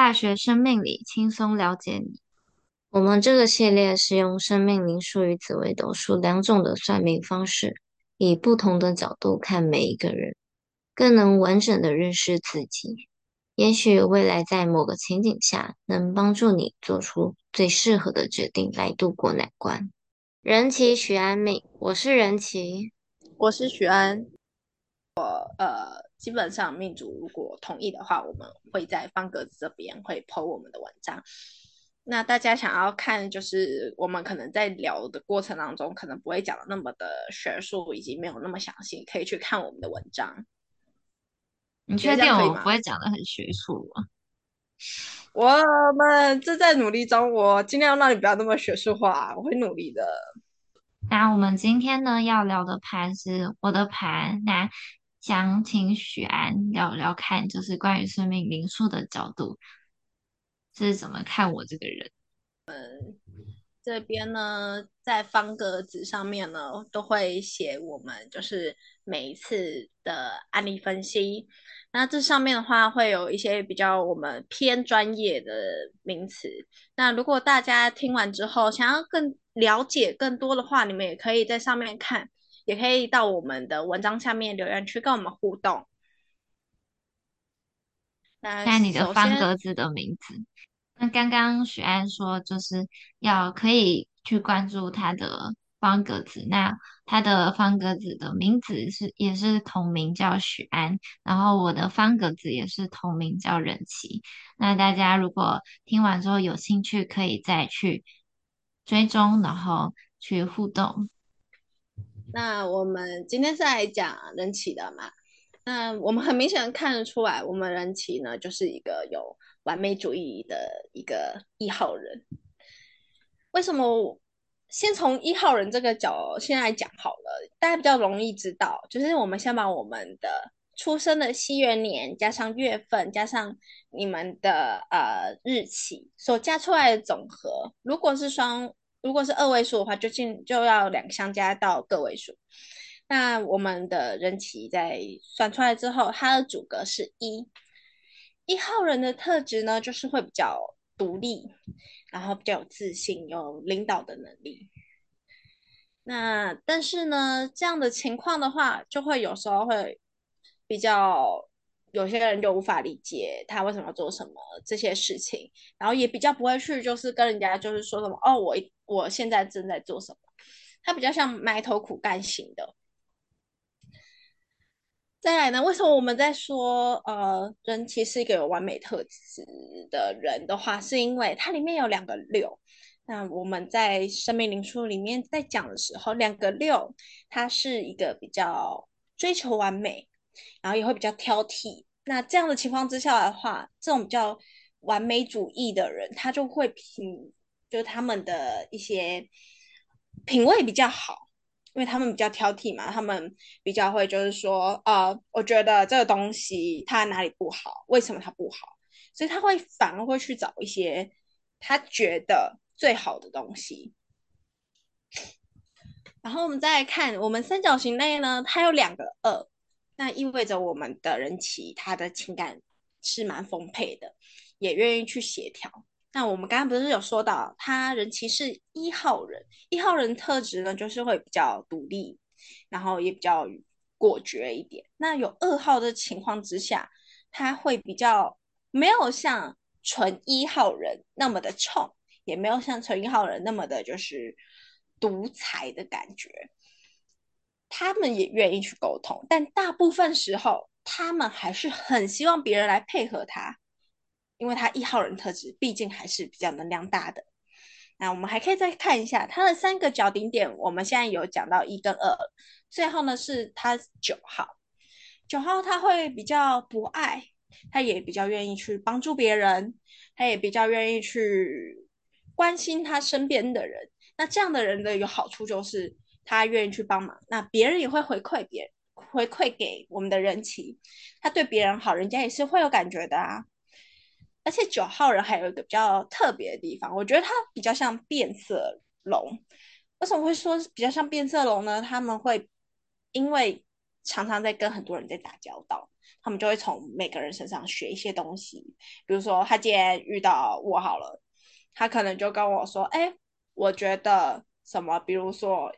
大學生命理輕鬆了解你。我們這個系列是用生命靈數與紫微斗數兩種的算命方式，以不同的角度看每一個人，更能完整的認識自己。也許未來在某個情景下，能幫助你做出最適合的決定來度過難關。人奇煦銨敏。我是人奇，我是煦銨，我呃。基本上，命主如果同意的話，我們會在方格子這邊會 po 我們的文章。那大家想要看，就是我們可能在聊的過程當中，可能不會講的那麼的學術，以及沒有那麼詳細，可以去看我們的文章。你確定我，我不會講的很學術嗎？我們正在努力中，我盡量讓你不要那麼學術化，我會努力的。那我們今天呢要聊的盤，是我的盤。那。想請煦銨，聊聊看，就是關於生命靈數的角度是怎麼看我這個人。嗯，這邊呢，在方格子上面呢，都會寫我們就是每一次的案例分析。那這上面的話，會有一些比較我們偏專業的名詞。那如果大家聽完之後，想要更了解更多的話，你們也可以在上面看。也可以到我們的文章下面留言區跟我們互動。那看你的方格子的名字？那剛剛煦銨說就是要可以去關注他的方格子，那他的方格子的名字是也是同名叫煦銨。然後我的方格子也是同名叫人奇。那大家如果聽完之後有興趣，可以再去追蹤，然後去互動。那我們今天是來講人奇的嘛？那我們很明顯的看得出來，我們人奇呢就是一個有完美主義的一個一號人。為什麼？先從一號人這個角先來講好了，大家比較容易知道。就是我們先把我們的出生的西元年加上月份加上你們的呃日期所加出來的總和，如果是雙。如果是二位數的話，就進就要兩個相加到個位數。那我們的人奇在算出來之後，它的主格是一。一號人的特質呢，就是會比較獨立，然後比較有自信，有領導的能力。那但是呢，這樣的情況的話，就會有時候會比較。有些人就無法理解他為什麼要做什麼這些事情，然後也比較不會去，就是跟人家就是說什麼哦，我我現在正在做什麼，他比較像埋頭苦幹型的。再來呢，為什麼我們在說呃，人其實是一個有完美特質的人的話，是因為它裡面有兩個六。那我們在生命靈數裡面在講的時候，兩個六，它是一個比較追求完美。然後也會比較挑剔。那這樣的情況之下的話，這種比較完美主義的人，他就會品，就是他們的一些品味比較好，因為他們比較挑剔嘛，他們比較會就是說，呃、啊，我覺得這個東西它哪裡不好，為什麼它不好？所以他會反而會去找一些他覺得最好的東西。然後我們再來看，我們三角形內呢，它有兩個二。那意味着我們的人奇，他的情感是蠻豐沛的，也願意去協調。那我們剛剛不是有說到，他人奇是一號人，一號人特質呢，就是會比較獨立，然後也比較果決一點。那有二號的情況之下，他會比較沒有像純一號人那麼的衝，也沒有像純一號人那麼的就是獨裁的感覺。他們也願意去溝通，但大部分時候，他們還是很希望別人來配合他，因為他一號人特質，畢竟還是比較能量大的。那我們還可以再看一下他的三個角頂點，我們現在有講到一跟二，最後呢是他九號。九號他會比較博愛，他也比較願意去幫助別人，他也比較願意去關心他身邊的人。那這樣的人的一個好處就是，他願意去幫忙，那別人也會回饋別人，回饋給我們的人情。他對別人好，人家也是會有感覺的啊。而且九號人還有一個比較特別的地方，我覺得他比較像變色龍。為什麼會說比較像變色龍呢？他們會因為常常在跟很多人在打交道，他們就會從每個人身上學一些東西。比如說，他今天遇到我好了，他可能就跟我說：“哎，我覺得什麼？比如說。”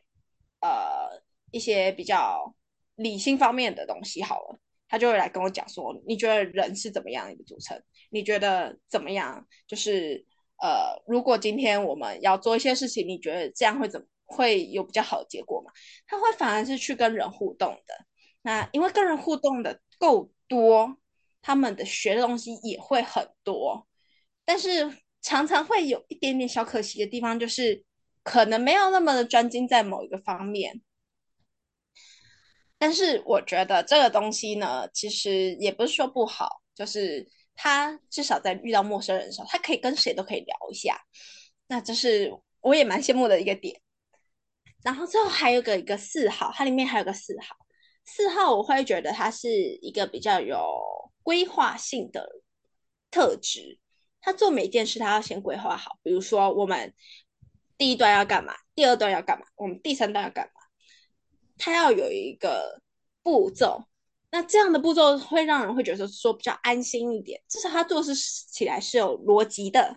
呃，一些比較理性方面的東西好了，他就會來跟我講說，你覺得人是怎麼樣一個組成？你覺得怎麼樣？就是呃，如果今天我們要做一些事情，你覺得這樣會怎麼會有比較好的結果嗎？他會反而是去跟人互動的。那因為跟人互動的夠多，他們的學的東西也會很多。但是常常會有一點點小可惜的地方，就是。可能沒有那麼的專精在某一個方面，但是我覺得這個東西呢，其實也不是說不好，就是他至少在遇到陌生人的時候，他可以跟誰都可以聊一下，那這是我也蠻羨慕的一個點。然後最後還有個一個四號，它裡面還有個四號，四號我會覺得他是一個比較有規劃性的特質，他做每件事他要先規劃好，比如說我們。第一段要幹嘛？第二段要幹嘛？我們第三段要幹嘛？他要有一個步驟，那這樣的步驟會讓人會覺得說比較安心一點，至少他做事起來是有邏輯的，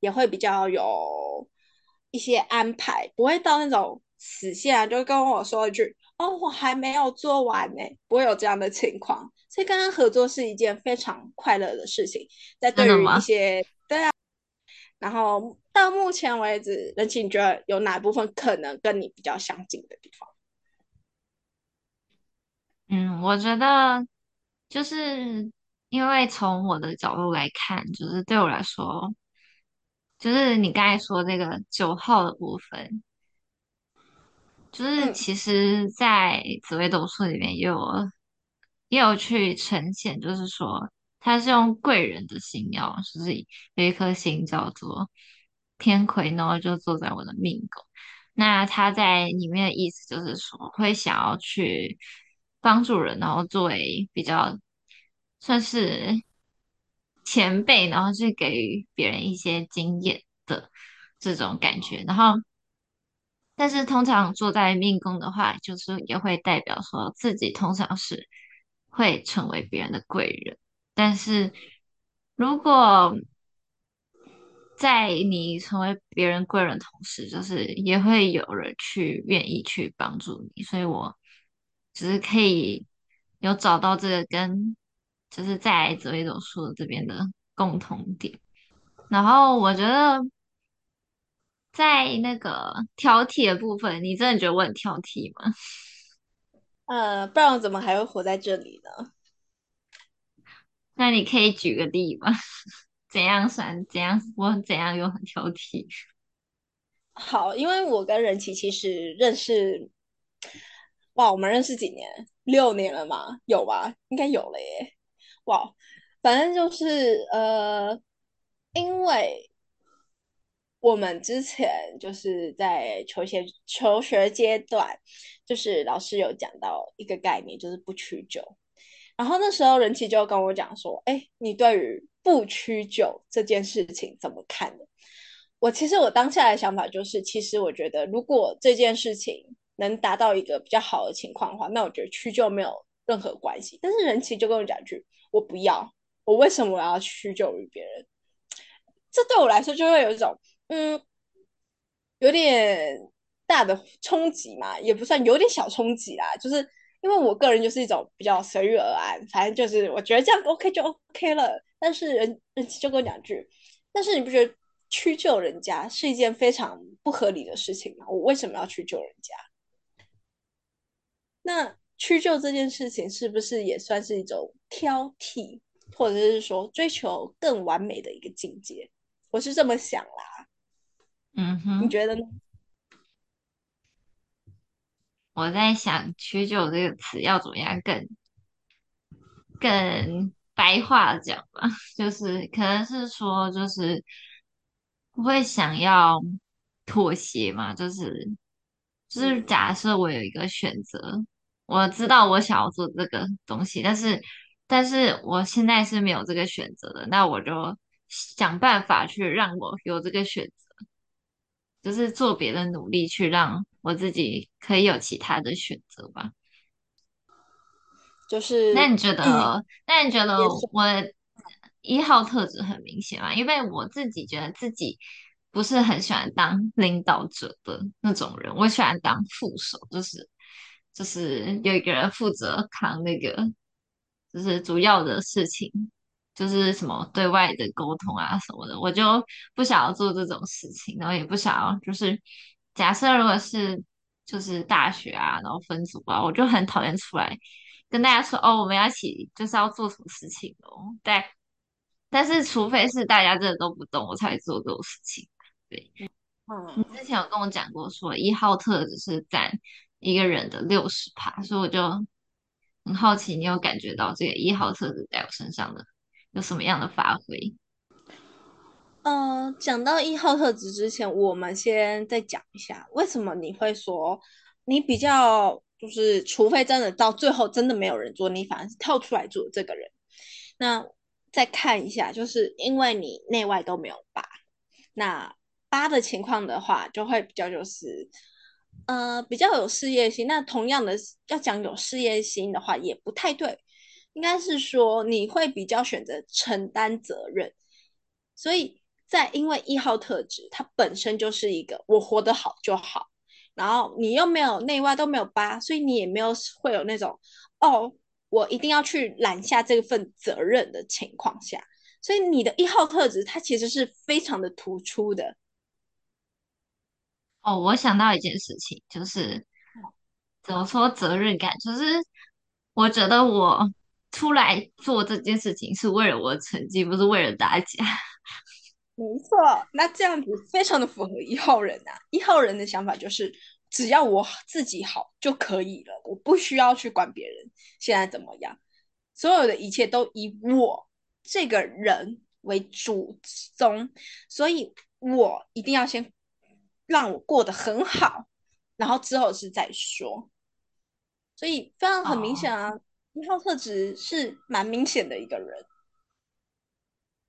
也會比較有一些安排，不會到那種死線啊，就跟我說一句“哦，我還沒有做完呢”，不會有這樣的情況。所以，跟他合作是一件非常快樂的事情，在對於一些嗎對啊。然後到目前為止，人奇，你覺得有哪部分可能跟你比較相近的地方？嗯，我覺得就是因為從我的角度來看，就是對我來說，就是你剛才說這個九號的部分，就是其實，在紫微斗數裡面也有，也有去呈現，就是說。他是用貴人的星曜，哦，就是有一顆星叫做天魁，然後就坐在我的命宮。那他在裡面的意思就是說，會想要去幫助人，然後作為比較算是前輩，然後去給別人一些經驗的這種感覺。然後，但是通常坐在命宮的話，就是也會代表說自己通常是會成為別人的貴人。但是，如果在你成為別人貴人的同時，就是也會有人去願意去幫助你，所以我只是可以有找到這個跟就是紫微斗數這邊的共同點。然後我覺得在那個挑剔的部分，你真的覺得我很挑剔嗎？呃，不然我怎麼還會活在這裡呢？那你可以舉個例吧？怎樣算怎樣？我怎樣又很挑剔？好，因為我跟人奇其實認識，哇，我們認識幾年？六年了嗎？有吧？應該有了耶！哇，反正就是呃，因為我們之前就是在求學求學階段，就是老師有講到一個概念，就是不屈就。然後那時候人奇就跟我講說：“哎，你對於不屈就這件事情怎麼看呢？”我其實我當下的想法就是，其實我覺得如果這件事情能達到一個比較好的情況的話，那我覺得屈就沒有任何關係。但是人奇就跟我講一句：“我不要，我為什麼我要屈就於別人？”這對我來說就會有一種嗯，有點大的衝擊嘛，也不算有點小衝擊啦，就是。因為我個人就是一種比較隨遇而安，反正就是我覺得這樣 OK 就 OK 了。但是人，人就跟我講一句，但是你不覺得屈就人家是一件非常不合理的事情嗎？我為什麼要屈就人家？那屈就這件事情是不是也算是一種挑剔，或者是說追求更完美的一個境界？我是這麼想啦。嗯哼，你覺得呢？我在想“屈就”這個詞要怎麼樣更更白話講吧，就是可能是說，就是不會想要妥協嘛？就是就是假設我有一個選擇，我知道我想要做這個東西，但是但是我現在是沒有這個選擇的，那我就想辦法去讓我有這個選擇。就是做別的努力，去讓我自己可以有其他的選擇吧。就是那你覺得、嗯，那你覺得我一號特質很明顯嗎？因為我自己覺得自己不是很喜歡當領導者的那種人，我喜歡當副手，就是就是有一個人負責扛那個，就是主要的事情。就是什麼對外的溝通啊什麼的，我就不想要做這種事情，然後也不想要就是假設如果是就是大學啊，然後分組啊，我就很討厭出來跟大家說哦，我們要一起就是要做什麼事情哦。對，但是除非是大家真的都不懂，我才做這種事情。對，嗯，你之前有跟我講過說一號特質是占一個人的六十趴，所以我就很好奇，你有感覺到這個一號特質在我身上的？有什麼樣的發揮？呃，講到一號特質之前，我們先再講一下，為什麼你會說你比較就是，除非真的到最後真的沒有人做，你反而是跳出來做這個人。那再看一下，就是因為你內外都沒有八。那八的情況的話，就會比較就是，呃，比較有事業心。那同樣的，要講有事業心的話，也不太對。應該是說你會比較選擇承擔責任，所以在因為一號特質，它本身就是一個我活得好就好，然後你又沒有內外都沒有八，所以你也沒有會有那種哦，我一定要去攬下這份責任的情況下，所以你的一號特質它其實是非常的突出的。哦，我想到一件事情，就是怎麼說責任感，就是我覺得我。出來做這件事情是為了我的成績，不是為了大家。沒錯，那這樣子非常的符合一號人吶、啊。一號人的想法就是，只要我自己好就可以了，我不需要去管別人現在怎麼樣，所有的一切都以我這個人為主宗。所以我一定要先讓我過得很好，然後之後是再說。所以非常很明顯啊。哦一號特質是蠻明顯的一個人，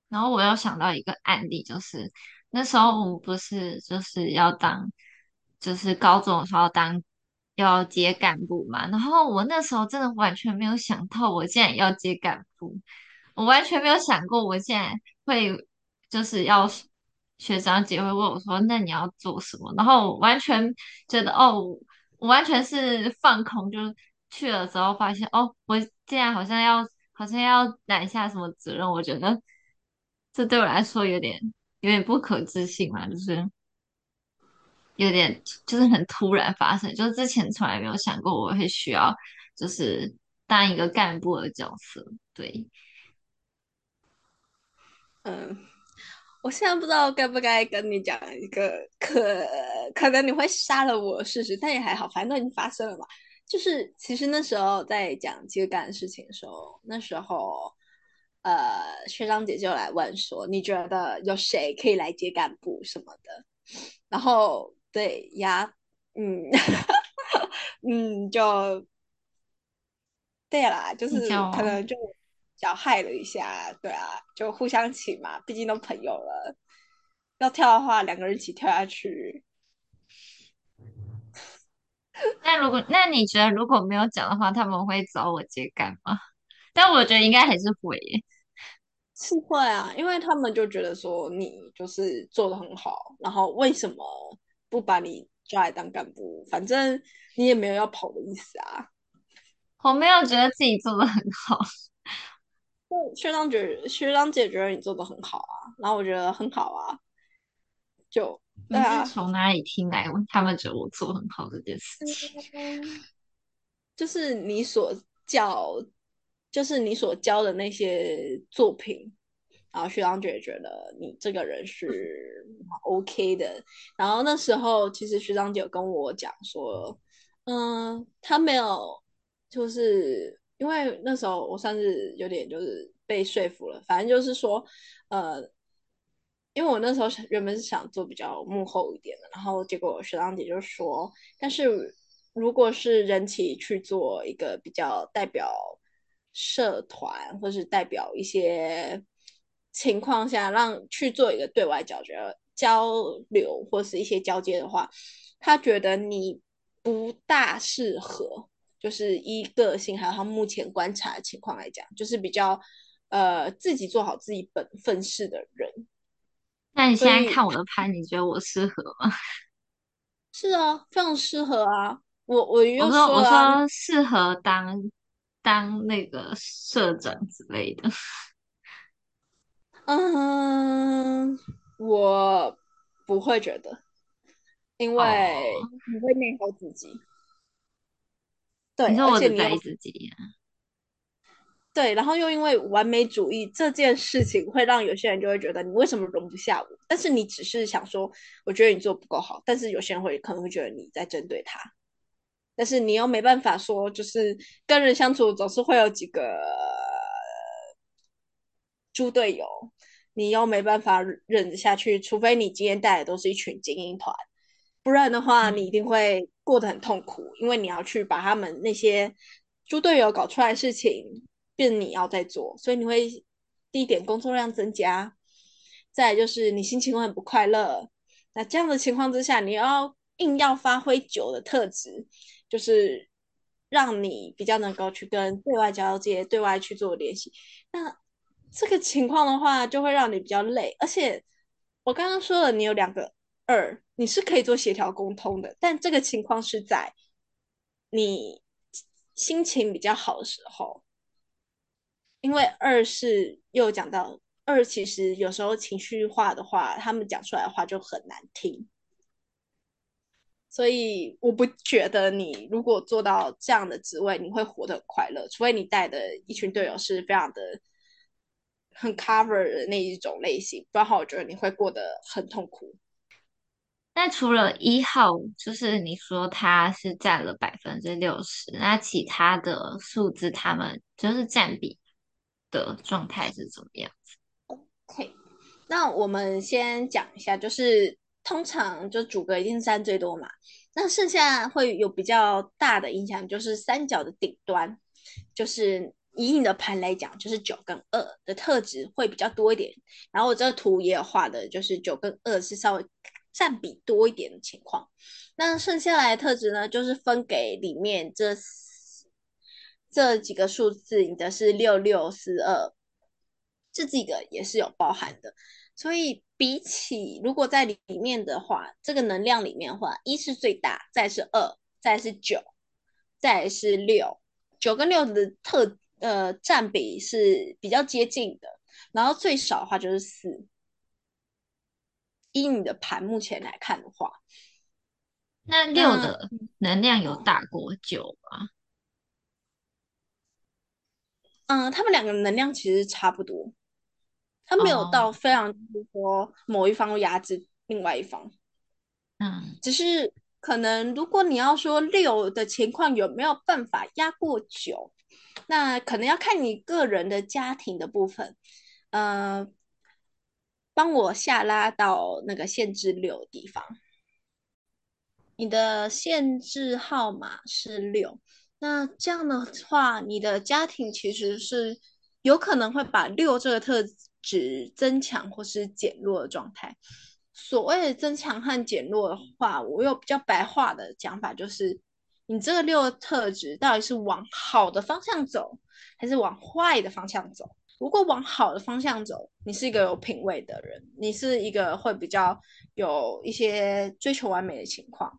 然後我又想到一個案例，就是那時候我不是就是要當，就是高中的時候要當要接幹部嘛，然後我那時候真的完全沒有想到，我竟然要接幹部，我完全沒有想過，我竟然會就是要學長姐會問我說，那你要做什麼？然後我完全覺得哦，我完全是放空，就是。去了之後發現哦，我竟然好像要好像要攬下什麼責任，我覺得這對我來說有點有點不可置信嘛，就是有點就是很突然發生，就是之前從來沒有想過我會需要就是當一個幹部的角色，對，嗯，我現在不知道該不該跟你講一個可可能你會殺了我事實，但也還好，反正都已經發生了吧。就是，其實那時候在講接幹的事情的時候，那時候，呃，學長姐就來問說，你覺得有誰可以來接幹部什麼的？然後，對呀，嗯 嗯，就，對啦，就是可能就小害了一下、啊，對啊，就互相請嘛，畢竟都朋友了，要跳的話，兩個人一起跳下去。 那如果那你覺得如果沒有講的話，他們會找我接幹嗎？但我覺得應該還是會耶，是會啊，因為他們就覺得說你就是做的很好，然後為什麼不把你抓來當幹部？反正你也沒有要跑的意思啊。我沒有覺得自己做的很好，學學長覺學長姐覺得你做的很好啊，然後我覺得很好啊，就。但是從哪裡聽來、啊？他們覺得我做很好的這件事情，就是你所教，就是你所教的那些作品，然後學長姐也覺得你這個人是 OK 的。 然後那時候，其實學長姐有跟我講說，嗯、呃，他沒有，就是因為那時候我算是有點就是被說服了。反正就是說，呃。因為我那時候是原本是想做比較幕後一點的，然後結果學長姐就說，但是如果是人奇去做一個比較代表社團，或是代表一些情況下讓去做一個對外交流交流或是一些交接的話，他覺得你不大適合，就是依個性，還有他目前觀察的情況來講，就是比較呃自己做好自己本分事的人。那你現在看我的拍，你覺得我適合嗎？是啊，非常適合啊！我我又說、啊、我，說我說適合當當那個社長之類的。嗯，我不會覺得，因為你會內耗自己。Oh. 對，而且你內耗自己、啊對，然後又因為完美主義這件事情，會讓有些人就會覺得你為什麼容不下我？但是你只是想說，我覺得你做不夠好。但是有些人會可能會覺得你在針對他，但是你又沒辦法說，就是跟人相處總是會有幾個豬隊友，你又沒辦法忍，忍下去，除非你今天帶的都是一群精英團，不然的話你一定會過得很痛苦，因為你要去把他們那些豬隊友搞出來的事情。變你要在做，所以你會第一點工作量增加，再來就是你心情會很不快樂。那這樣的情況之下，你要硬要發揮九的特質，就是讓你比較能夠去跟對外交接、對外去做聯繫。那這個情況的話，就會讓你比較累。而且我剛剛說了，你有兩個二，你是可以做協調溝通的，但這個情況是在你心情比較好的時候。因為二是又講到二，其實有時候情緒化的話，他們講出來的話就很難聽。所以我不覺得你如果做到這樣的職位，你會活得很快樂，除非你帶的一群隊友是非常的很 cover 的那一種類型，不然我覺得你會過得很痛苦。那除了一號，就是你說他是占了百分之六十，那其他的數字他們就是占比的狀態是怎麼樣子？OK，那我們先講一下，就是通常就主格一定占最多嘛，那剩下會有比較大的影響，就是三角的頂端，就是以你的盤來講，就是九跟二的特質會比較多一點。然後我這個圖也有畫的，就是九跟二是稍微占比多一點的情況。那剩下來的特質呢，就是分給裡面這。這幾個數字，你的是六六四二，這幾個也是有包含的。所以比起如果在裡面的話，這個能量裡面的話，一是最大，再是二，再是九，再是六。九跟六的特呃占比是比較接近的。然後最少的話就是四。依你的盤目前來看的話，那六的能量有大過九嗎？嗯嗯嗯，他們兩個能量其實差不多，他沒有到非常多某一方壓制另外一方。嗯，oh，只是可能如果你要說六的情況有沒有辦法壓過九，那可能要看你個人的家庭的部分。呃，幫我下拉到那個限制六的地方，你的限制號碼是六。那這樣的話，你的家庭其實是有可能會把六這個特質增強或是減弱的狀態。所謂的增強和減弱的話，我有比較白話的講法，就是你這個六的特質到底是往好的方向走，還是往壞的方向走？如果往好的方向走，你是一個有品味的人，你是一個會比較有一些追求完美的情況。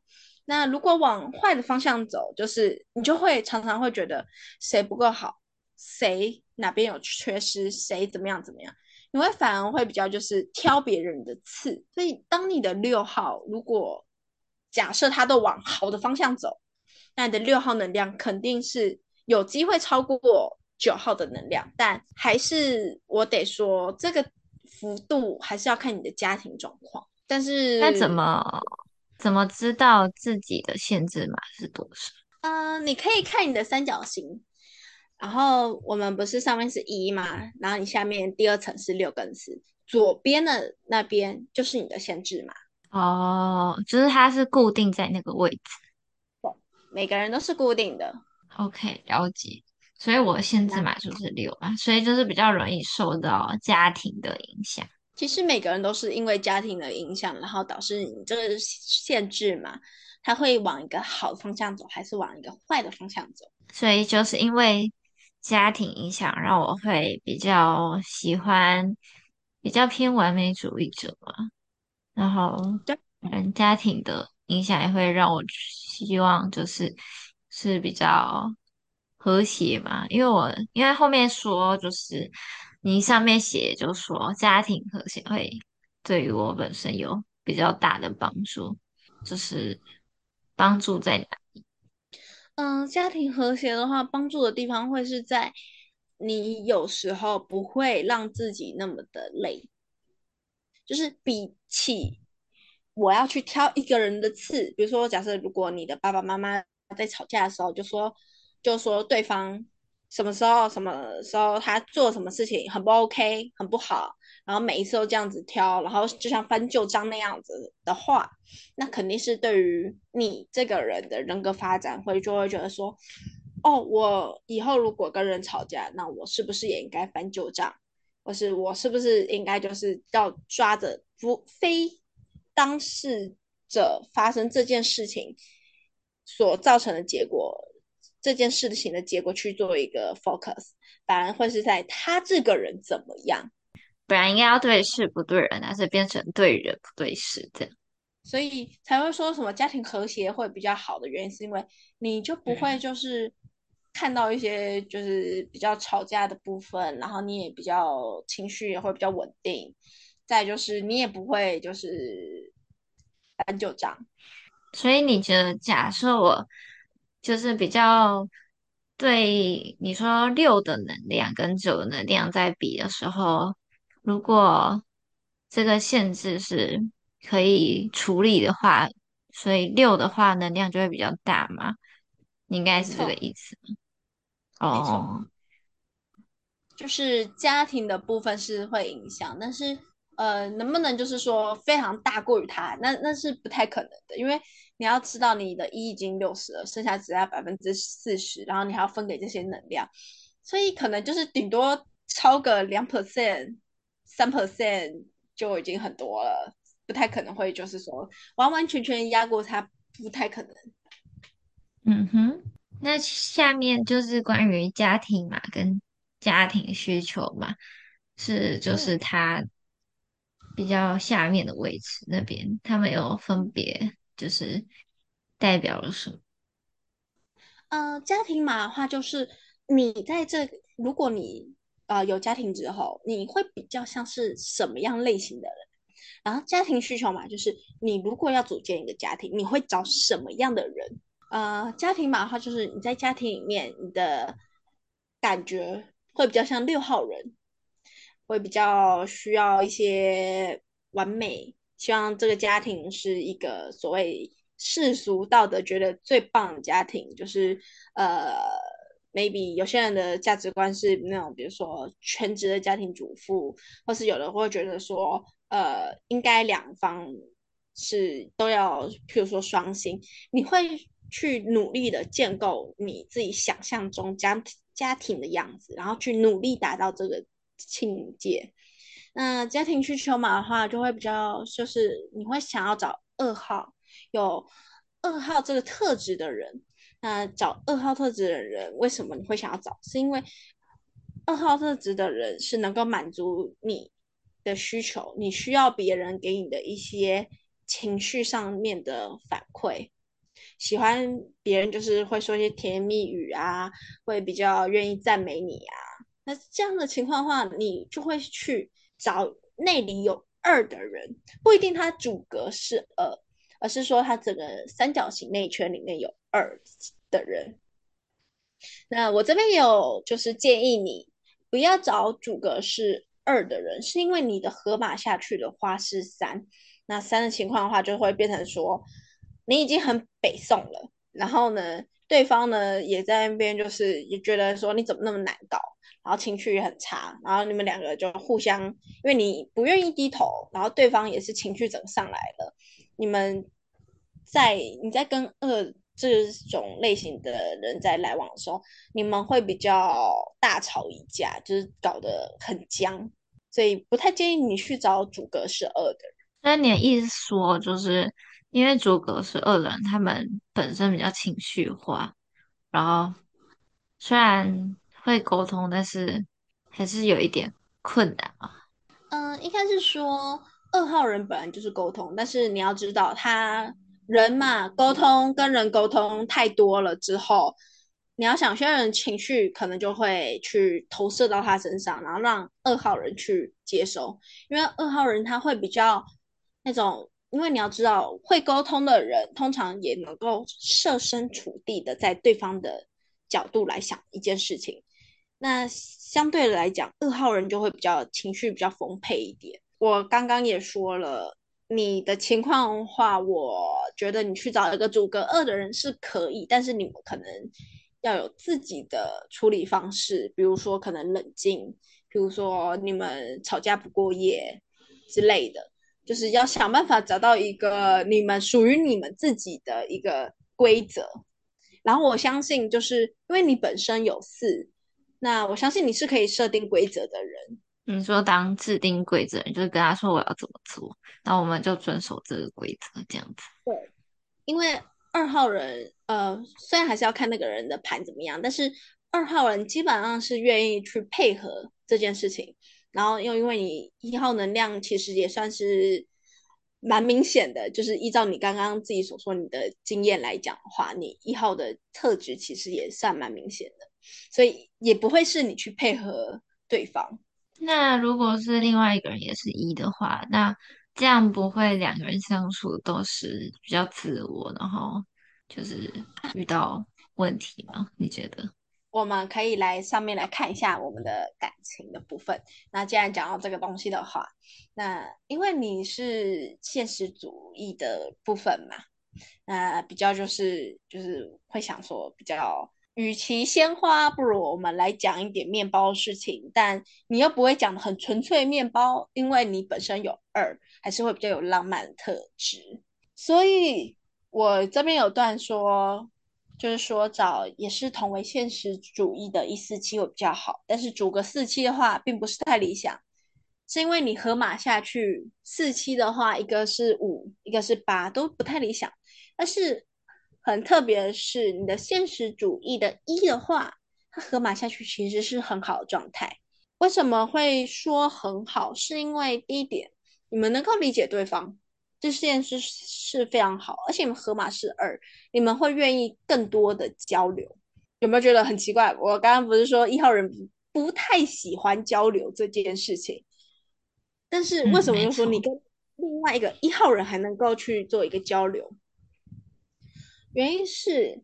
那如果往壞的方向走，就是你就會常常會覺得誰不夠好，誰哪邊有缺失，誰怎麼樣怎麼樣，你會反而會比較就是挑別人的刺。所以，當你的六號如果假設他都往好的方向走，那你的六號能量肯定是有機會超過九號的能量，但還是我得說，這個幅度還是要看你的家庭狀況。但是那怎麼？怎麼知道自己的限制碼是多少？呃，你可以看你的三角形，然後我們不是上面是一嘛，然後你下面第二層是六跟四，左邊的那邊就是你的限制碼。哦，就是它是固定在那個位置。對，每個人都是固定的。OK，了解。所以我的限制碼就是六啊，所以就是比較容易受到家庭的影響。其實每個人都是因為家庭的影響，然後導致你這個限制嘛，他會往一個好的方向走，還是往一個壞的方向走？所以就是因為家庭影響，讓我會比較喜歡，比較偏完美主義者嘛。然後，對，嗯，家庭的影響也會讓我希望就是是比較和諧嘛，因為我因為後面說就是。你上面寫就說家庭和諧會對於我本身有比較大的幫助，就是幫助在哪裡？嗯，家庭和諧的話，幫助的地方會是在你有時候不會讓自己那麼的累，就是比起我要去挑一個人的刺，比如說假設如果你的爸爸媽媽在吵架的時候，就說就說對方。什麼時候、什麼時候他做什麼事情很不 OK、很不好，然後每一次都這樣子挑，然後就像翻舊賬那樣子的話，那肯定是對於你這個人的人格發展會就會覺得說，哦，我以後如果跟人吵架，那我是不是也應該翻舊賬，或是我是不是應該就是要抓着不非當事者發生這件事情所造成的結果。這件事情的結果去做一個 focus，反而會是在他這個人怎麼樣，本來應該要對事不對人，但是變成對人不對事這樣，所以才會說什麼家庭和諧會比較好的原因，是因為你就不會就是看到一些就是比較吵架的部分，嗯、然後你也比較情緒也會比較穩定，再就是你也不會就是翻舊賬，所以你覺得假設我。就是比較對你說，六的能量跟九的能量在比的時候，如果這個限制是可以處理的話，所以六的話能量就會比較大嘛，應該是這個意思。哦、oh，就是家庭的部分是會影響，但是呃，能不能就是說非常大過於他？那那是不太可能的，因為。你要知道，你的一、e、已經六十了，剩下只要百分之四十，然後你還要分給這些能量，所以可能就是頂多超個兩 percent、三 percent 就已經很多了，不太可能會就是說完完全全壓過他，不太可能。嗯哼，那下面就是關於家庭嘛，跟家庭需求嘛，是就是他比較下面的位置那邊，他們有分別。就是代表了什麼？呃，家庭碼的話，就是你在這，如果你呃有家庭之後，你會比較像是什麼樣類型的人？然後家庭需求碼就是你如果要組建一個家庭，你會找什麼樣的人？呃，家庭碼的話，就是你在家庭裡面，你的感覺會比較像六號人，會比較需要一些完美。希望這個家庭是一個所謂世俗道德覺得最棒的家庭，就是呃，maybe 有些人的價值觀是那種，比如說全職的家庭主婦，或是有的會覺得說，呃，應該兩方是都要，譬如說雙薪，你會去努力的建構你自己想象中家家庭的樣子，然後去努力達到這個境界。那家庭需求嘛的話，就會比較就是你會想要找二號有二號這個特質的人。那找二號特質的人，為什麼你會想要找？是因為二號特質的人是能夠滿足你的需求，你需要別人給你的一些情緒上面的反饋，喜歡別人就是會說一些甜言蜜語啊，會比較願意讚美你啊。那這樣的情況的話，你就會去。找那裡有二的人，不一定他主格是二，而是說他整個三角形內圈裡面有二的人。那我這邊有就是建議你不要找主格是二的人，是因為你的河馬下去的話是三，那三的情況的話就會變成說你已經很北宋了，然後呢，對方呢也在那邊就是也覺得說你怎麼那麼難搞。然後情緒也很差，然後你們兩個就互相，因為你不願意低頭，然後對方也是情緒整個上來了。你們在你在跟二這種類型的人在來往的時候，你們會比較大吵一架，就是搞得很僵，所以不太建議你去找主格是二的人。那你的意思說，就是因為主格是二的人，他們本身比較情緒化，然後雖然。會溝通，但是還是有一點困難啊。嗯、呃，應該是說二號人本來就是溝通，但是你要知道他，他人嘛，溝通跟人溝通太多了之後，你要想，有些人情緒可能就會去投射到他身上，然後讓二號人去接收，因為二號人他會比較那種，因為你要知道，會溝通的人通常也能夠設身處地的在對方的角度來想一件事情。那相對來講，二號人就會比較情緒比較豐沛一點。我剛剛也說了，你的情況的話，我覺得你去找一個主格二的人是可以，但是你們可能要有自己的處理方式，比如說可能冷靜，比如說你們吵架不過夜之類的，就是要想辦法找到一個你們屬於你們自己的一個規則。然後我相信，就是因為你本身有四。那我相信你是可以設定規則的人。你說當制定規則，你就是跟他說，我要怎麼做，那我們就遵守這個規則，這樣子。對，因為二號人，呃，雖然還是要看那個人的盤怎麼樣，但是二號人基本上是願意去配合這件事情。然後又因為你一號能量其實也算是蠻明顯的，就是依照你剛剛自己所說你的經驗來講的話，你一號的特質其實也算蠻明顯的。所以也不會是你去配合對方。那如果是另外一個人也是一的話，那這樣不會兩個人相處都是比較自我，然後就是遇到問題嗎？你覺得？我們可以來上面來看一下我們的感情的部分。那既然講到這個東西的話，那因為你是現實主義的部分嘛，那比較就是就是會想說比較。與其鮮花，不如我們來講一點面包的事情。但你又不會講得很純粹面包，因為你本身有二，還是會比較有浪漫的特質。所以，我這邊有段說，就是說找也是同為現實主義的，一四七會比較好。但是，組個四七的話，並不是太理想，是因為你合碼下去四七的話，一個是五，一個是八，都不太理想。但是。很特別的是，你的現實主義的一的話，他合碼下去其實是很好的狀態。為什麼會說很好？是因為第一點，你們能夠理解對方，這件事是非常好。而且你們合碼是二，你們會願意更多的交流。有沒有覺得很奇怪？我剛剛不是說一號人不太喜歡交流這件事情，但是為什麼又說你跟另外一個一號人還能夠去做一個交流？原因是，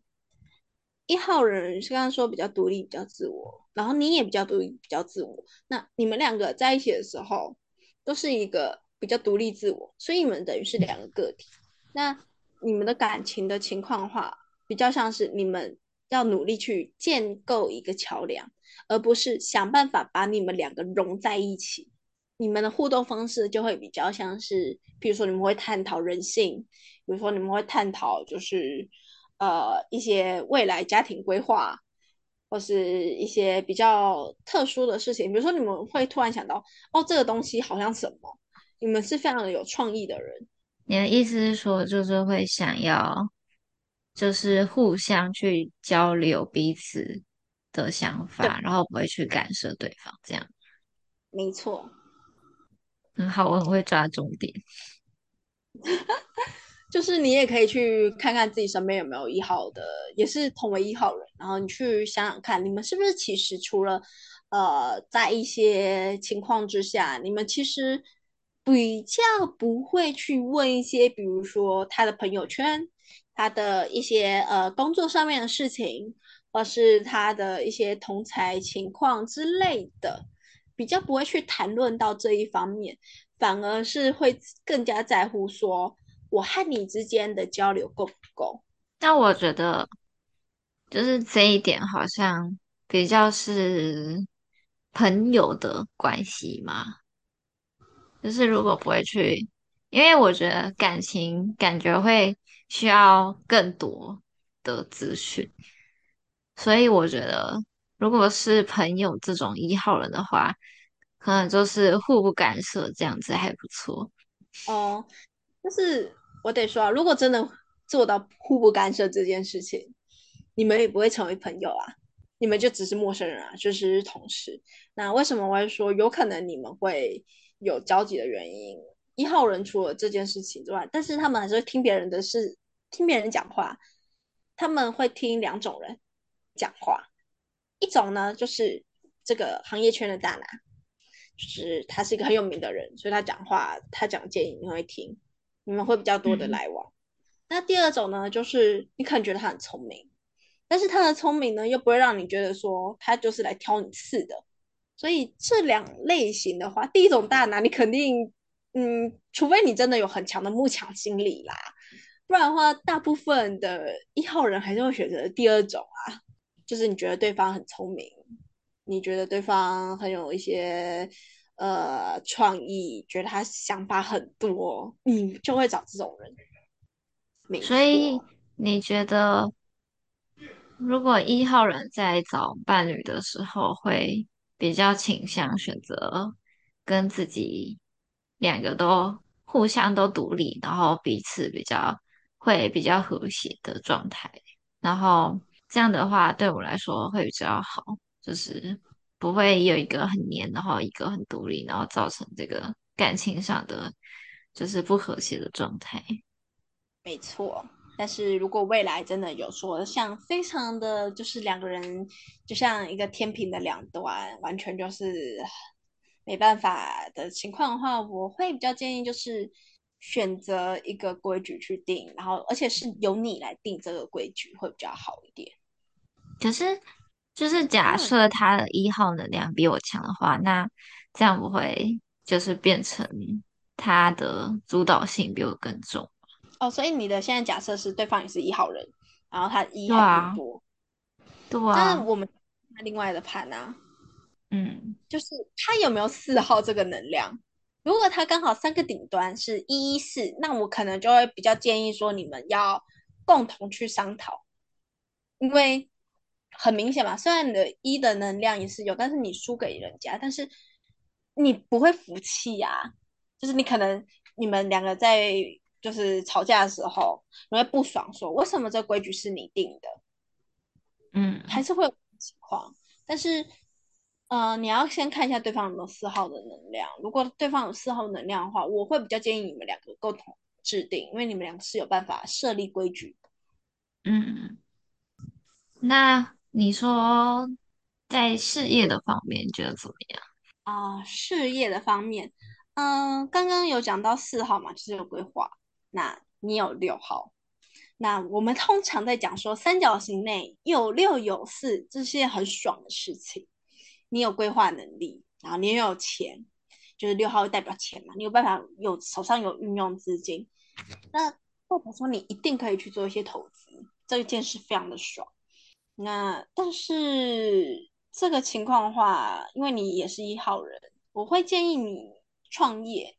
一號人是剛剛說比較獨立、比較自我，然後你也比較獨立、比較自我。那你們兩個在一起的時候，都是一個比較獨立自我，所以你們等於是兩個個體。那你們的感情的情況的話，比較像是你們要努力去建構一個橋樑，而不是想辦法把你們兩個融在一起。你們的互動方式就會比較像是，譬如說你們會探討人性，比如說你們會探討就是，呃，一些未來家庭規劃，或是一些比較特殊的事情。比如說你們會突然想到，哦，這個東西好像什麼？你們是非常的有創意的人。你的意思是說，就是會想要，就是互相去交流彼此的想法，然後不會去干涉對方，這樣？沒錯。很好，我很會抓重點。 就是你也可以去看看自己身邊有沒有一號的，也是同為一號人，然後你去想想看，你們是不是其實除了呃在一些情況之下，你們其實比較不會去問一些，比如說他的朋友圈，他的一些呃工作上面的事情，或是他的一些同財情況之類的，比較不會去談論到這一方面，反而是會更加在乎說我和你之間的交流夠不夠。那我覺得就是這一點好像比較是朋友的關係嘛，就是如果不會去，因為我覺得感情感覺會需要更多的資訊，所以我覺得。如果是朋友這種一號人的話，可能就是互不干涉這樣子還不錯。哦、嗯，但是我得說啊，如果真的做到互不干涉這件事情，你們也不會成為朋友啊，你們就只是陌生人啊，就是同事。那為什麼我會說有可能你們會有交集的原因？一號人除了這件事情之外，但是他們還是會聽別人的事，聽別人講話，他們會聽兩種人講話。一種呢，就是這個行業圈的大拿，就是他是一個很有名的人，所以他講話、他講建議，你會聽，你們會比較多的來往。嗯。那第二種呢，就是你可能覺得他很聰明，但是他的聰明呢，又不會讓你覺得說他就是來挑你刺的。所以這兩類型的話，第一種大拿，你肯定，嗯，除非你真的有很強的慕強心理啦，不然的話，大部分的一號人還是會選擇第二種啊。就是你覺得對方很聰明，你覺得對方很有一些呃創意，覺得他想法很多，你就會找這種人。所以你覺得，如果一號人在找伴侶的時候，會比較傾向選擇跟自己兩個都互相都獨立，然後彼此比較會比較和諧的狀態，然後。這樣的話對我來說會比較好，就是不會有一個很黏，然後一個很獨立，然後造成這個感情上的就是不和諧的狀態。沒錯，但是如果未來真的有說像非常的就是兩個人就像一個天平的兩端，完全就是沒辦法的情況的話，我會比較建議就是選擇一個規矩去定，然後而且是由你來定這個規矩會比較好一點。可、就是，就是假設他的一號能量比我強的話，那這樣不會就是變成他的主導性比我更重。哦，所以你的現在假設是對方也是一號人，然後他一號。多、啊，對啊。但是我們看另外的盤呢、啊？嗯，就是他有沒有四號這個能量？如果他剛好三個頂端是一一四，那我可能就會比較建議說，你們要共同去商討，因為。很明顯嘛，雖然你的一的能量也是有，但是你輸給人家，但是你不會服氣呀、啊。就是你可能你們兩個在就是吵架的時候，你會不爽說，說為什麼這規矩是你定的？嗯，還是會有情況。但是，呃，你要先看一下對方有沒有四號的能量。如果對方有四號能量的話，我會比較建議你們兩個共同制定，因為你們兩個是有辦法設立規矩。嗯，那。你說在事業的方面覺得怎麼樣啊、呃？事業的方面，嗯、呃，剛剛有講到四號嘛，就是有規劃。那你有六號，那我們通常在講說三角形內有六有四，這是件很爽的事情。你有規劃能力，然後你又有錢，就是六號代表錢嘛，你有辦法有手上有運用資金。那或者說你一定可以去做一些投資，這件事非常的爽。那但是這個情況的話，因為你也是一號人，我會建議你創業。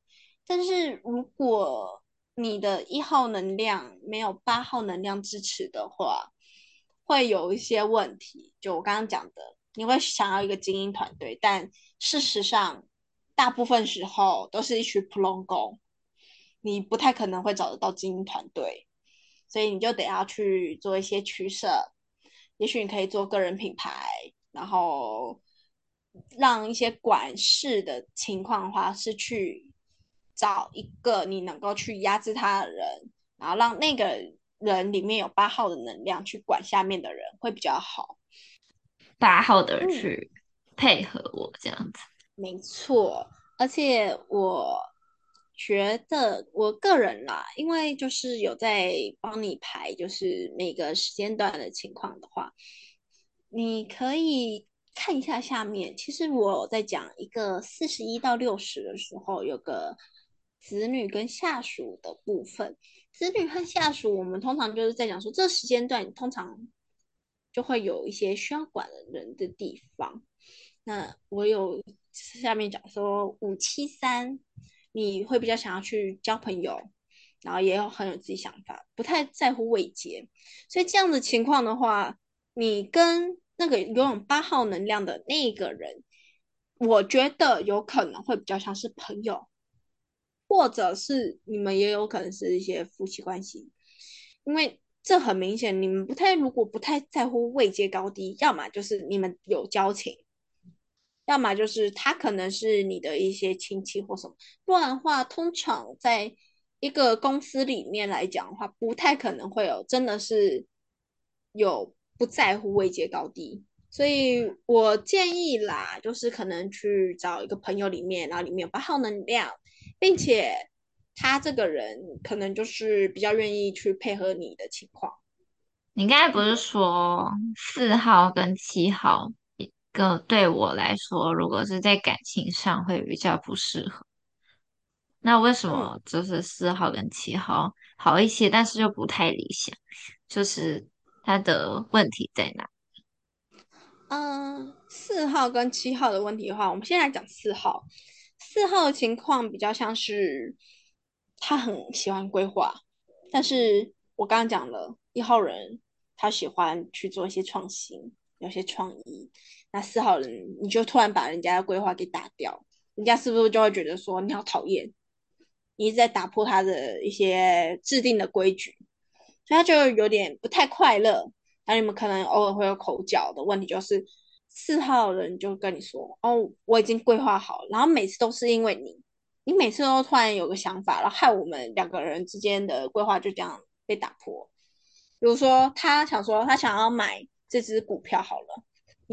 但是如果你的一號能量沒有八號能量支持的話，會有一些問題。就我剛剛講的，你會想要一個精英團隊，但事實上，大部分時候都是一群普通工，你不太可能會找得到精英團隊，所以你就得要去做一些取捨。也許你可以做個人品牌，然後讓一些管事的情況的話，是去找一個你能夠去壓制他的人，然後讓那個人裡面有八號的能量去管下面的人，會比較好。八號的人去配合我，嗯，這樣子，沒錯，而且我。覺得我個人啦、啊，因為就是有在幫你排，就是每個時間段的情況的話，你可以看一下下面。其實我在講一個四十一到六十的時候，有個子女跟下屬的部分。子女和下屬，我們通常就是在講說，這時間段通常就會有一些需要管的人的地方。那我有下面講說五七三。你會比較想要去交朋友，然後也有很有自己想法，不太在乎位階，所以這樣的情況的話，你跟那個擁有八號能量的那個人，我覺得有可能會比較像是朋友，或者是你們也有可能是一些夫妻關係，因為這很明顯，你們不太，如果不太在乎位階高低，要麼就是你們有交情。要麼就是他可能是你的一些親戚或什麼，不然的話，通常在一個公司裡面來講的話，不太可能會有真的是有不在乎位階高低。所以我建議啦，就是可能去找一個朋友裡面，然後裡面有八號能量，並且他這個人可能就是比較願意去配合你的情況。你剛才不是說四號跟七號？跟對我來說，如果是在感情上會比較不適合。那為什麼就是四號跟七號好一些，嗯、但是又不太理想？就是他的問題在哪？嗯、呃，四號跟七號的問題的話，我們先來講四號。四號的情況比較像是他很喜歡規劃，但是我剛剛講了一號人，他喜歡去做一些創新，有些創意。那四號人，你就突然把人家的規劃給打掉，人家是不是就會覺得說你好討厭？你一直在打破他的一些制定的規矩，所以他就有點不太快樂。那你們可能偶爾會有口角的問題，就是四號人就跟你說：“哦，我已經規劃好，然後每次都是因為你，你每次都突然有個想法，然後害我們兩個人之間的規劃就這樣被打破。比如說，他想說他想要買這隻股票，好了。”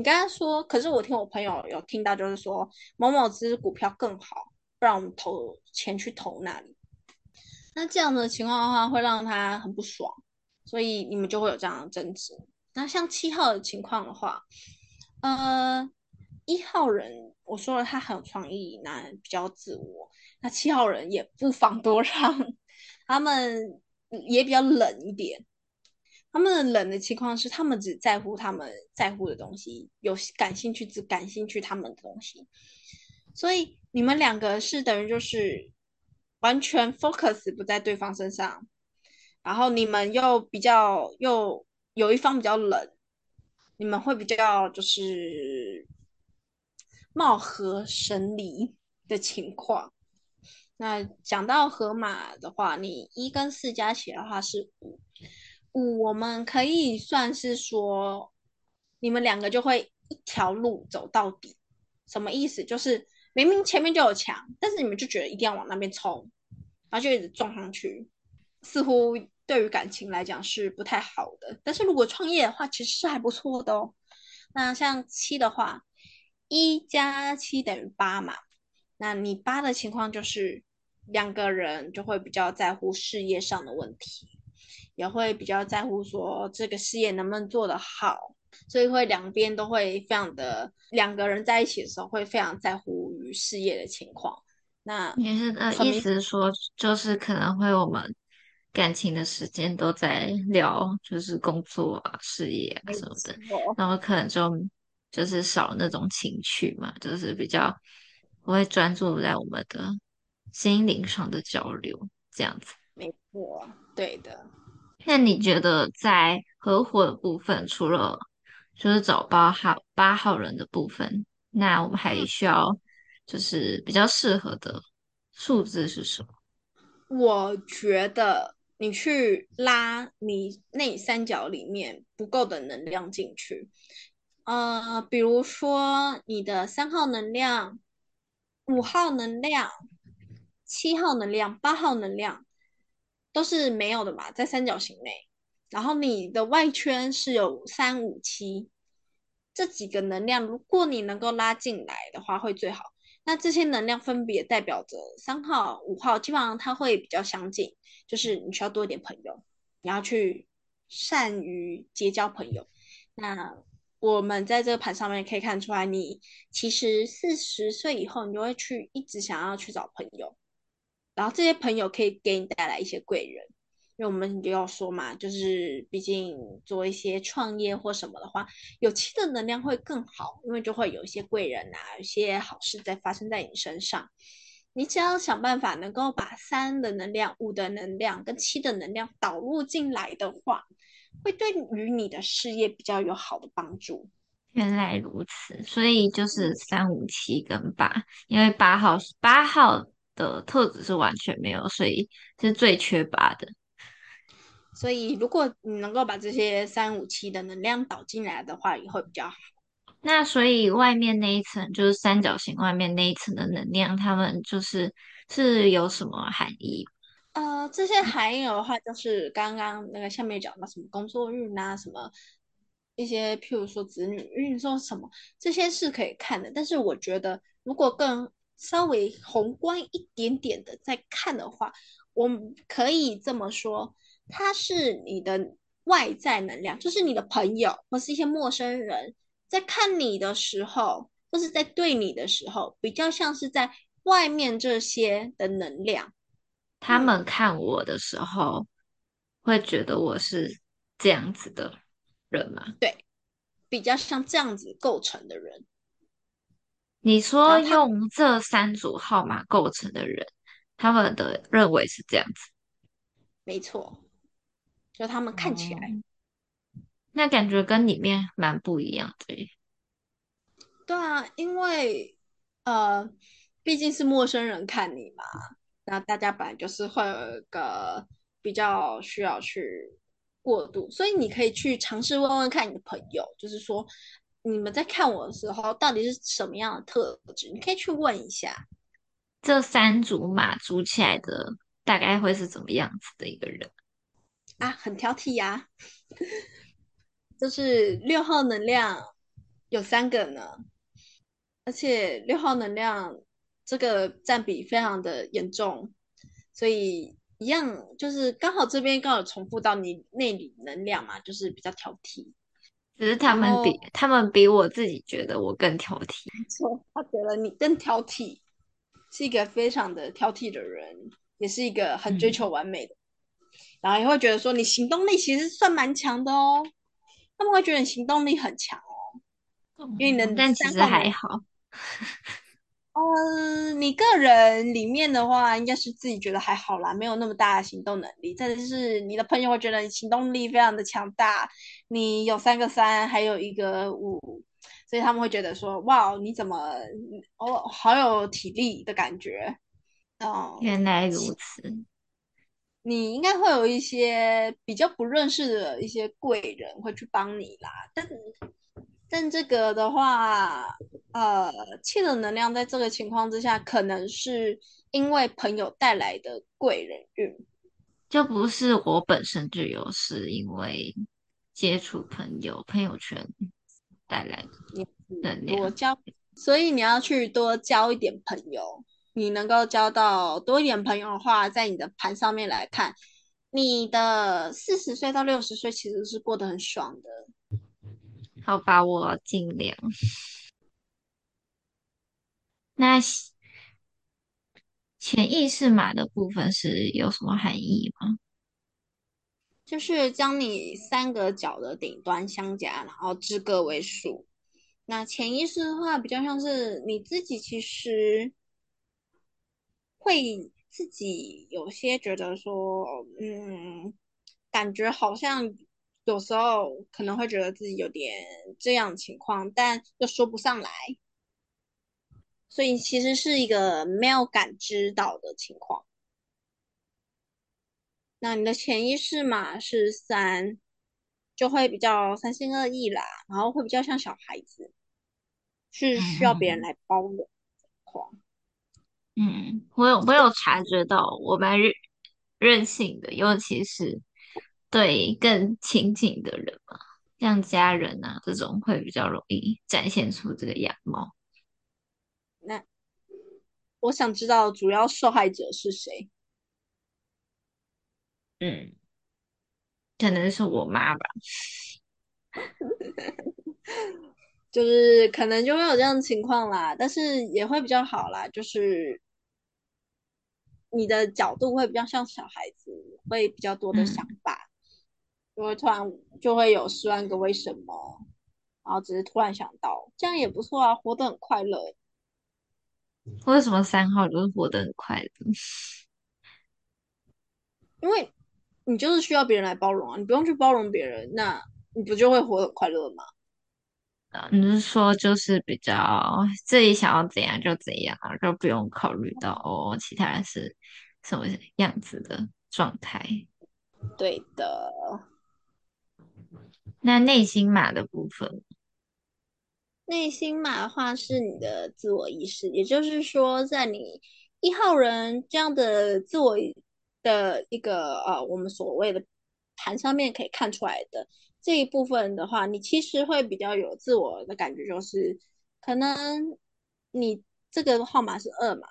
你剛剛說，可是我聽我朋友有聽到，就是說某某隻股票更好，不然我們投錢去投那裡。那這樣的情況的話，會讓他很不爽，所以你們就會有這樣的爭執。那像七號的情況的話，呃，一號人我說了，他很有創意，那比較自我，那七號人也不遑多讓，他們也比較冷一點。他們冷的情況是，他們只在乎他們在乎的東西，有感興趣只感興趣他們的東西。所以你們兩個是等於就是完全 focus 不在對方身上，然後你們又比較又有一方比較冷，你們會比較就是貌合神離的情況。那講到河馬的話，你一跟四加起來的話是五。五，我們可以算是說，你們兩個就會一條路走到底，什麼意思？就是明明前面就有牆，但是你們就覺得一定要往那邊衝，然後就一直撞上去，似乎對於感情來講是不太好的。但是如果創業的話，其實是還不錯的哦。那像七的話，一加七等於八嘛，那你八的情況就是兩個人就會比較在乎事業上的問題。也會比較在乎說這個事業能不能做得好，所以會兩邊都會非常的，兩個人在一起的時候會非常在乎於事業的情況。那也是，那意思是說就是可能會我們感情的時間都在聊就是工作啊、事業啊什麼的，然後可能就就是少那種情趣嘛，就是比較不會專注在我們的心靈上的交流，這樣子。沒錯，對的。那你覺得在合夥的部分，除了就是找八號八號人的部分，那我們還需要就是比較適合的數字是什麼？我覺得你去拉你內三角裡面不夠的能量進去。呃，比如說你的三號能量、五號能量、七號能量、八號能量。都是沒有的嘛，在三角形內。然後你的外圈是有三五七這幾個能量，如果你能夠拉進來的話，會最好。那這些能量分別代表着三號、五號，基本上它會比較相近，就是你需要多一點朋友，你要去善於結交朋友。那我們在這個盤上面可以看出來，你其實四十歲以後，你就會去一直想要去找朋友。然後這些朋友可以給你帶來一些貴人，因為我們就要說嘛，就是畢竟做一些創業或什麼的話，有七的能量會更好，因為就會有一些貴人吶、啊，有一些好事在發生在你身上。你只要想辦法能夠把三的能量、五的能量跟七的能量導入進來的話，會對於你的事業比較有好的幫助。原來如此，所以就是三、五、七跟八，因為八號八號。的特質是完全沒有，所以是最缺乏的。所以，如果你能夠把這些三五七的能量導進來的話，也會比較好。那所以，外面那一層就是三角形外面那一層的能量，他們就是是有什麼含義？呃，這些含義的話，就是剛剛那個下面講到什麼工作運啊，什麼一些，譬如說子女運、說什麼這些是可以看的。但是，我覺得如果更稍微宏觀一點點的在看的話我可以這麼說，他是你的外在能量，就是你的朋友或是一些陌生人，在看你的時候，或是在對你的時候，比較像是在外面這些的能量，他們看我的時候，嗯，會覺得我是這樣子的人嗎？對，比較像這樣子構成的人。你說用這三組號碼構成的人他，他們的認為是這樣子，沒錯，就他們看起來，嗯，那感覺跟裡面蠻不一樣的，對，對啊，因為呃，畢竟是陌生人看你嘛，那大家本來就是會有一個比較需要去過渡，所以你可以去嘗試問問看你的朋友，就是說，你們在看我的時候，到底是什麼樣的特質？你可以去問一下，這三組碼組起來的大概會是怎麼樣子的一個人啊？很挑剔呀、啊， 就是六號能量有三個呢，而且六號能量這個占比非常的嚴重，所以一樣就是剛好這邊剛好重複到你內裡能量嘛，就是比較挑剔。只是他們比他們比我自己覺得我更挑剔。沒錯，他覺得你更挑剔，是一個非常的挑剔的人，也是一個很追求完美的，嗯，然後也會覺得說，你行動力其實算蠻強的哦，他們會覺得你行動力很強哦，哦，因為你的，但其實還好。嗯嗯，你個人裡面的話，應該是自己覺得還好啦，沒有那麼大的行動能力。但是，你的朋友會覺得你行動力非常的強大，你有三個三，還有一個五，所以他們會覺得說：“哇，你怎麼哦，好有體力的感覺。嗯”哦，原來如此。你應該會有一些比較不認識的一些貴人會去幫你啦，但。但這個的話，呃，七的能量在這個情況之下，可能是因為朋友帶來的貴人運，就不是我本身就有，是因為接觸朋友、朋友圈帶來的能量。我交，所以你要去多交一點朋友。你能夠交到多一點朋友的話，在你的盤上面來看，你的四十歲到六十歲其實是過得很爽的。好吧，我盡量。那潛意識碼的部分是有什麼含義嗎？就是將你三個角的頂端相加，然後至個位數。那潛意識的話，比較像是你自己其實會自己有些覺得說，嗯，感覺好像。有時候可能會覺得自己有點這樣的情況，但又說不上來，所以其實是一個沒有感知到的情況。那你的潛意識嘛是三，就會比較三心二意啦，然後會比較像小孩子，是需要別人來包容的情況。嗯，我有我有察覺到，我蠻任，任性的，尤其是。對，更親近的人嘛，像家人啊，這種會比較容易展現出這個樣貌。那我想知道主要受害者是誰？嗯，可能是我媽吧。 就是可能就會有這樣的情況啦，但是也會比較好啦，就是你的角度會比較像小孩子，會比較多的想法。嗯就會突然就會有十萬個為什麼，然後只是突然想到，這樣也不錯啊，活得很快樂。為什麼三號就是活得很快樂？因為你就是需要別人來包容啊，你不用去包容別人，那你不就會活得很快樂嗎？啊，你是說就是比較自己想要怎樣就怎樣啊，就不用考慮到哦其他人是什麼樣子的狀態？對的。那內心碼的部分，內心碼的話是你的自我意識，也就是說，在你一號人這樣的自我的一個呃、哦，我們所謂的盤上面可以看出來的這一部分的話，你其實會比較有自我的感覺，就是可能你這個號碼是二嘛，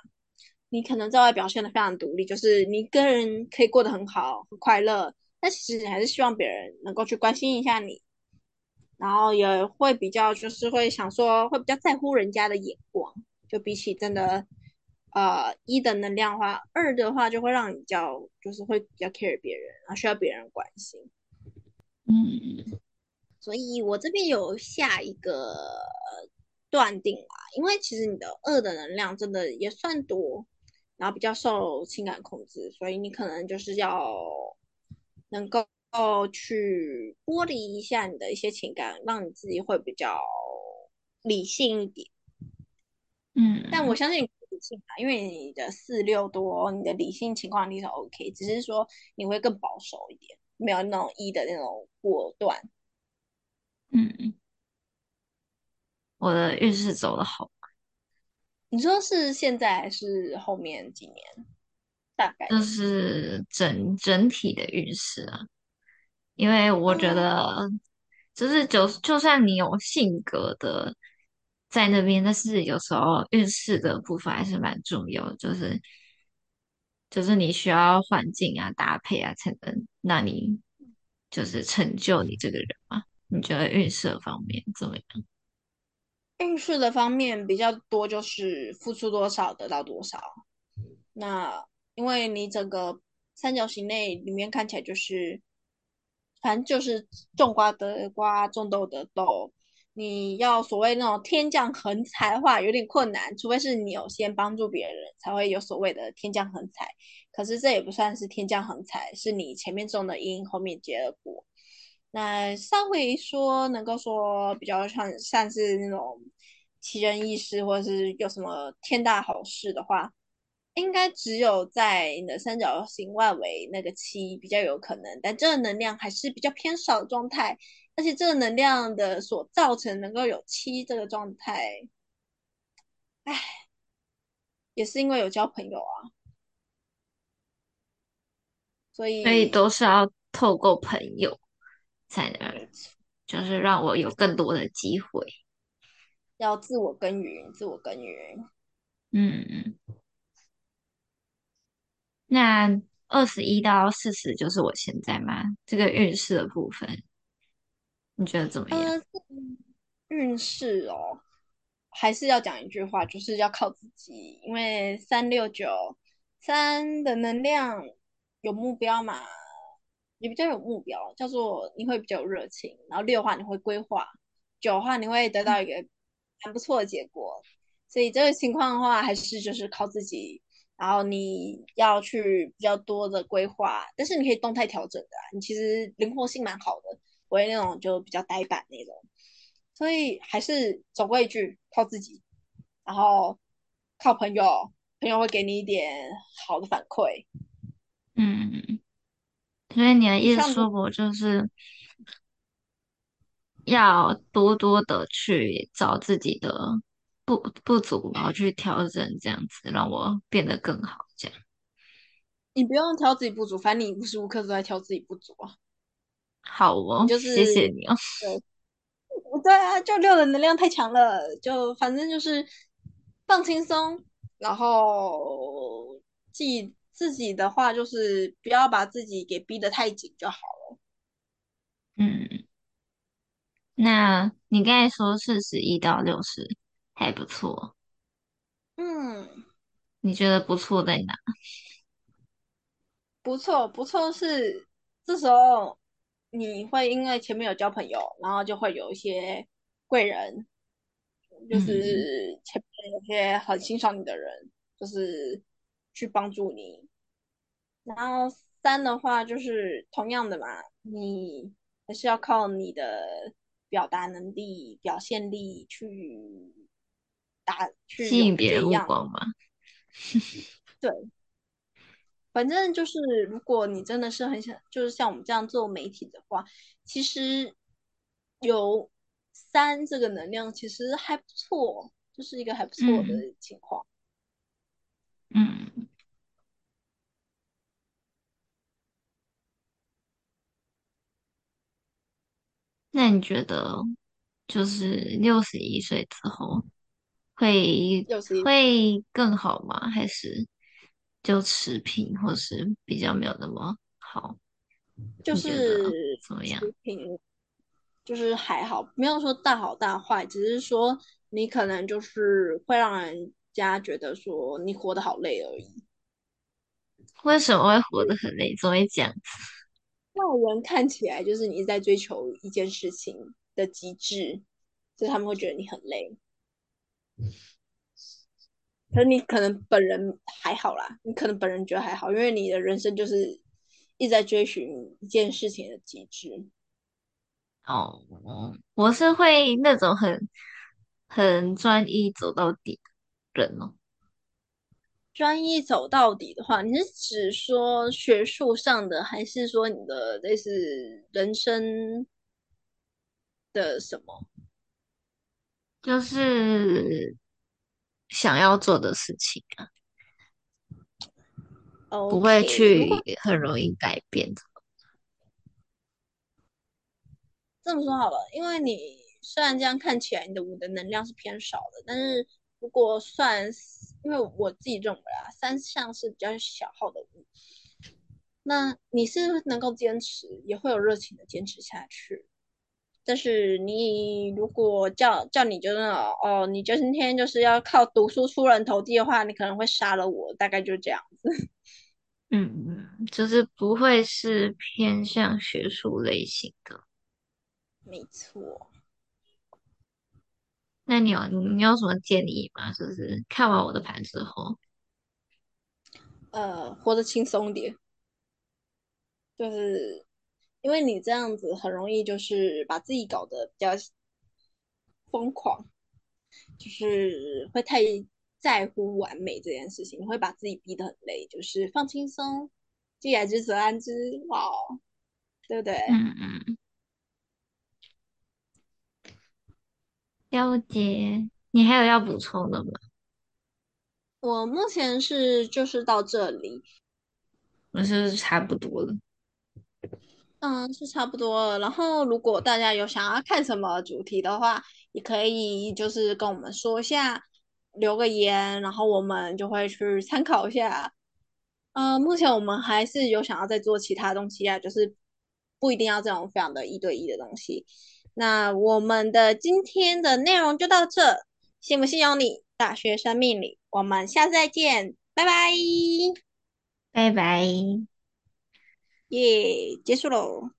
你可能在外表現得非常獨立，就是你一個人可以過得很好、很快樂。但其實你還是希望別人能夠去關心一下你，然後也會比較就是會想說會比較在乎人家的眼光，就比起真的，嗯、呃一的能量的話，二的話就會讓你比較就是會比較 care 別人，然後需要別人關心。嗯，所以我這邊有下一個斷定啦，因為其實你的二的能量真的也算多，然後比較受情感控制，所以你可能就是要。能夠去剝離一下你的一些情感，讓你自己會比較理性一點。嗯，但我相信你理性，因為你的四六多，你的理性情況你是 OK，只是說你會更保守一點，沒有那種一、e、的那種果斷。嗯，我的運勢走得好，你說是現在還是後面幾年？大概就是整整體的運勢啊，因為我覺得就是就就算你有性格的在那邊，但是有時候運勢的部分還是蠻重要，就是就是你需要環境啊搭配啊，才能讓你就是成就你這個人嘛，啊。你覺得運勢的方面怎麼樣？運勢的方面比較多，就是付出多少得到多少，那。因為你整個三角形內裡面看起來就是，反正就是種瓜得瓜，種豆得豆。你要所謂那種天降橫財的話，有點困難，除非是你有先幫助別人，才會有所謂的天降橫財。可是這也不算是天降橫財，是你前面種的因，後面結的果。那稍微說能夠說比較像像是那種奇人異事，或者是有什麼天大好事的話。應該只有在你的三角形外圍那個七比較有可能，但這個能量還是比較偏少的狀態，而且這個能量的所造成能夠有七這個狀態，唉，也是因為有交朋友啊，所以所以都是要透過朋友才能，就是讓我有更多的機會，要自我耕耘，自我耕耘，嗯。那二十一到四十就是我現在嗎？這個運勢的部分，你覺得怎麼樣？嗯、運勢哦，還是要講一句話，就是要靠自己。因為三六九三的能量有目標嘛，也比較有目標，叫做你會比較有熱情。然後六的話，你會規劃；九的話，你會得到一個很不錯的結果，嗯。所以這個情況的話，還是就是靠自己。然後你要去比較多的規劃，但是你可以動態調整的啊，你其實靈活性蠻好的，不會那種就比較呆板那種，所以還是總歸一句，靠自己，然後靠朋友，朋友會給你一點好的反饋。嗯，所以你的意思說我就是要多多的去找自己的，不不足，然後去調整這樣子，讓我變得更好。這樣，你不用挑自己不足，反正你無時無刻都在挑自己不足。好哦，就是謝謝你哦。對，對啊，就六的能量太強了，就反正就是放輕鬆，然後自己自己的話就是不要把自己給逼得太緊就好了。嗯，那你剛才說四十一到六十。還不錯，嗯，你覺得不錯在哪？不錯，不錯是這時候你會因為前面有交朋友，然後就會有一些貴人，就是前面有些很欣賞你的人，嗯，就是去幫助你。然後三的話就是同樣的嘛，你還是要靠你的表達能力、表現力去。吸引別人目光嗎？ 對，反正就是，如果你真的是很想，就是像我們這樣做媒體的話，其實有三這個能量其實還不錯哦，就是一個還不錯的情況。嗯，嗯，那你覺得就是六十一歲之後？會會更好嗎？還是就持平，或是比較沒有那麼好？就是怎麼樣？持平，就是還好，沒有說大好大壞，只是說你可能就是會讓人家覺得說你活得好累而已。為什麼會活得很累？怎麼會這樣子？外人看起來就是你一直在追求一件事情的極致，就他們會覺得你很累。可你可能本人還好啦，你可能本人覺得還好，因為你的人生就是一直在追尋一件事情的極致。哦，嗯，我是會那種很很專一走到底的人哦。專一走到底的話，你是指說學術上的，還是說你的類似人生的什麼？就是想要做的事情啊，okay, 不會去很容易改變的。這麼說好了，因為你雖然這樣看起來你的五的能量是偏少的，但是如果算，因為我自己認為啊，三項是比較小號的五，那你是，是能夠堅持，也會有熱情的堅持下去。但是你如果叫叫你就那哦，你就今天就是要靠讀書出人頭地的話，你可能會殺了我。大概就這樣子。嗯嗯，就是不會是偏向學術類型的。沒錯。那你有你有什麼建議嗎？就是看完我的盤之後。呃，活得輕鬆一點。就是。因為你這樣子很容易，就是把自己搞得比較瘋狂，就是會太在乎完美這件事情，會把自己逼得很累。就是放輕鬆，既來之則安之，哇、哦，對不對？嗯嗯。幺姐，你還有要補充的嗎？我目前是就是到這裡，我是差不多了。嗯，是差不多了。然後，如果大家有想要看什麼主題的話，也可以就是跟我們說一下，留個言，然後我們就會去參考一下。嗯，目前我們還是有想要再做其他東西啊，就是不一定要這種非常的一對一的東西。那我們的今天的內容就到這，信不信由你。大學生命理，我們下次再見，拜拜，拜拜。耶！結束嘍。